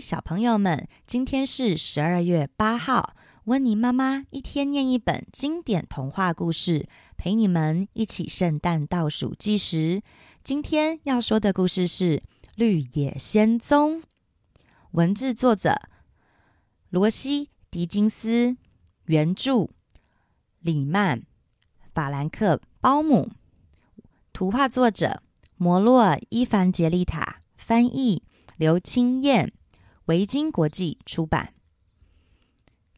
小朋友們，今天是十二月八號。溫妮媽媽一天念一本經典童話故事，陪你們一起聖誕倒數計時。今天要說的故事是《綠野仙蹤》，文字作者羅西·狄金斯，原著李曼·法蘭克·鮑姆，圖畫作者摩洛·伊凡傑利塔，翻譯劉清彥。維京國際出版，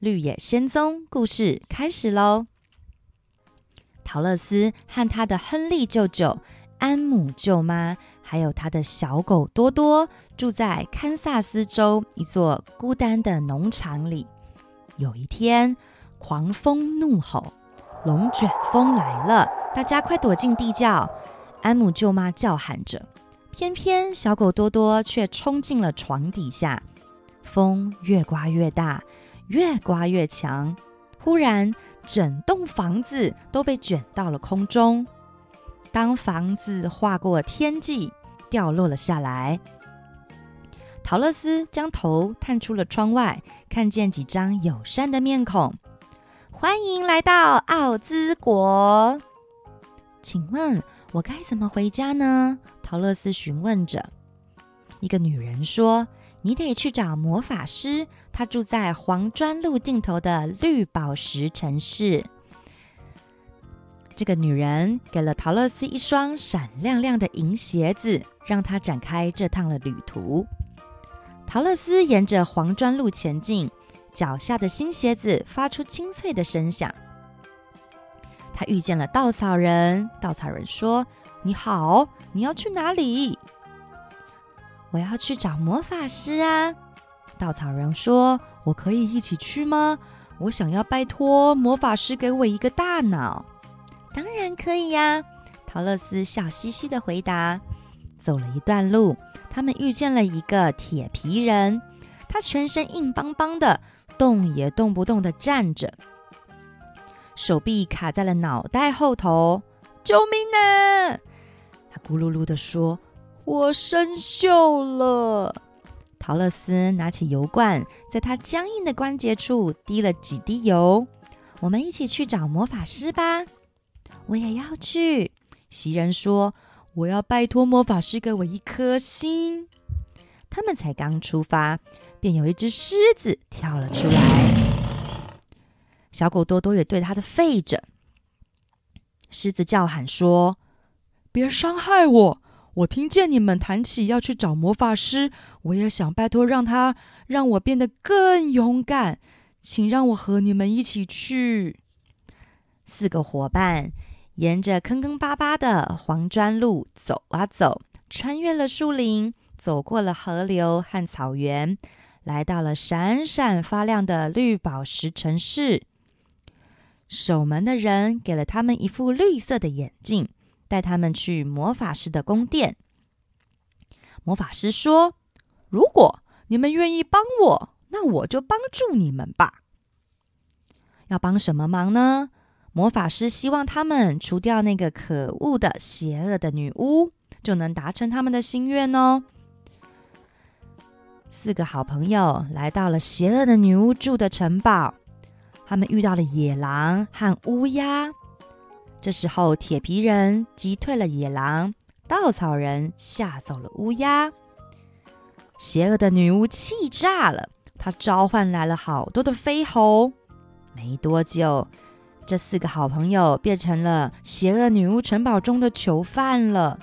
《綠野仙蹤》，故事開始嘍。桃樂絲和她的亨利舅舅、安姆舅媽，還有她的小狗多多，住在堪薩斯州一座孤單的農場裡。有一天，狂風怒吼，龍捲風來了，大家快躲進地窖！安姆舅媽叫喊着，偏偏小狗多多卻衝進了床底下。風越刮越大，越刮越強。忽然，整棟房子都被卷到了空中。當房子劃過天際，掉落了下來。陶樂斯將頭探出了窗外，看見幾張友善的面孔。歡迎來到奧茲國。請問，我該怎麼回家呢？陶樂斯詢問着。一個女人說。你得去找魔法師，他住在黃磚路盡頭的綠寶石城市。這個女人給了桃樂絲一雙閃亮亮的銀鞋子，讓他展開這趟的旅途。桃樂絲沿着黃磚路前進，腳下的新鞋子發出清脆的聲響。他遇見了稻草人，稻草人說：“你好，你要去哪裡？”我要去找魔法師啊！稻草人說：“我可以一起去嗎？我想要拜托魔法師給我一個大腦。”當然可以呀，桃樂絲笑嘻嘻的回答。走了一段路，他們遇見了一個鐵皮人，他全身硬邦邦的，動也動不動的站着，手臂卡在了腦袋後頭。“救命啊！”他咕嚕嚕的說。我生鏽了。桃樂絲拿起油罐，在它僵硬的關節處滴了幾滴油。我們一起去找魔法師吧。我也要去。錫人說：“我要拜托魔法師給我一顆心。”他們才剛出發，便有一只獅子跳了出來。小狗多多也對他的吠着。獅子叫喊說：“別傷害我！”我聽見你們談起要去找魔法師，我也想拜托讓他讓我變得更勇敢，請讓我和你們一起去。四個夥伴沿着坑坑巴巴的黃磚路走啊走，穿越了樹林，走過了河流和草原，來到了閃閃發亮的綠寶石城市。守門的人給了他們一副綠色的眼鏡。帶他們去魔法師的宮殿。魔法師說：“如果你們願意幫我，那我就幫助你們吧。”要幫什麼忙呢？魔法師希望他們除掉那個可惡的邪惡的女巫，就能達成他們的心願哦。四個好朋友來到了邪惡的女巫住的城堡，他們遇到了野狼和烏鴉。這時候，鐵皮人擊退了野狼，稻草人嚇走了烏鴉。邪惡的女巫氣炸了，她召喚來了好多的飛猴。沒多久，這四個好朋友變成了邪惡女巫城堡中的囚犯了。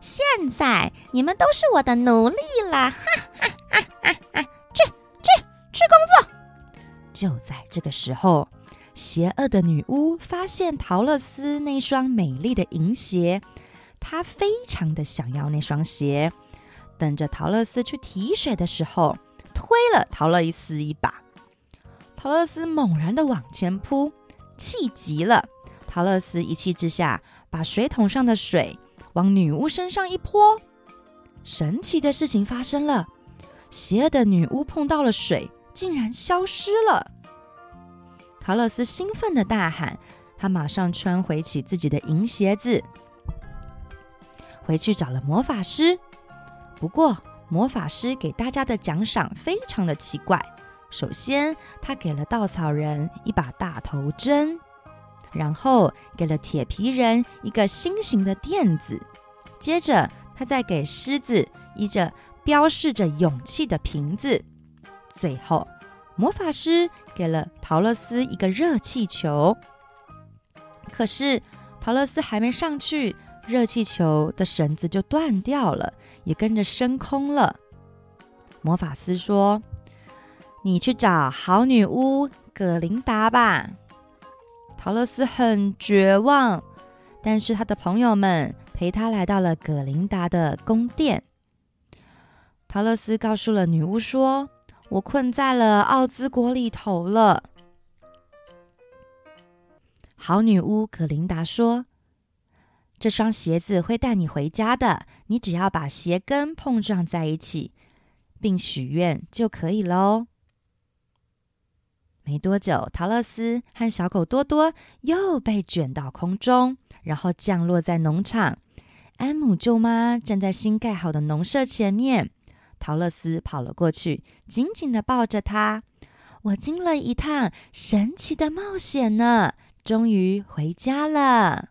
現在，你們都是我的奴隸了！哈哈哈哈哈！去去去，工作！就在這個時候，邪惡的女巫發現桃樂絲那雙美麗的銀鞋，她非常的想要那雙鞋。等着桃樂絲去提水的時候，推了桃樂絲一把。桃樂絲猛然的往前撲，氣急了。桃樂絲一氣之下，把水桶上的水往女巫身上一潑。神奇的事情發生了，邪惡的女巫碰到了水，竟然消失了。桃樂絲興奮的大喊，他馬上穿回起自己的銀鞋子，回去找了魔法師。不過，魔法師給大家的獎賞非常的奇怪。首先，他給了稻草人一把大頭針，然後給了鐵皮人一個心形的墊子，接着他再給獅子一着標示着勇氣的瓶子，最後魔法師。給了桃樂絲一個熱氣球，可是桃樂絲還沒上去，熱氣球的繩子就斷掉了，也跟着升空了。魔法師說：“你去找好女巫葛琳達吧。”桃樂絲很絕望，但是他的朋友們陪他來到了葛琳達的宮殿。桃樂絲告訴了女巫說。我困在了奧茲國裡頭了。好女巫葛琳達說：“這雙鞋子會帶你回家的，你只要把鞋跟碰撞在一起，並許願就可以嘍。”沒多久，桃樂絲和小狗多多又被捲到空中，然後降落在農場。安姆舅媽站在新蓋好的農舍前面。桃樂絲跑了過去，緊緊地抱着他。我經歷了一趟神奇的冒險呢，終於回家了。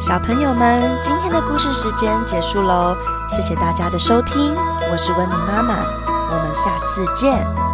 小朋友們，今天的故事時間結束嘍。謝謝大家的收聽，我是溫妮媽媽，我們下次見。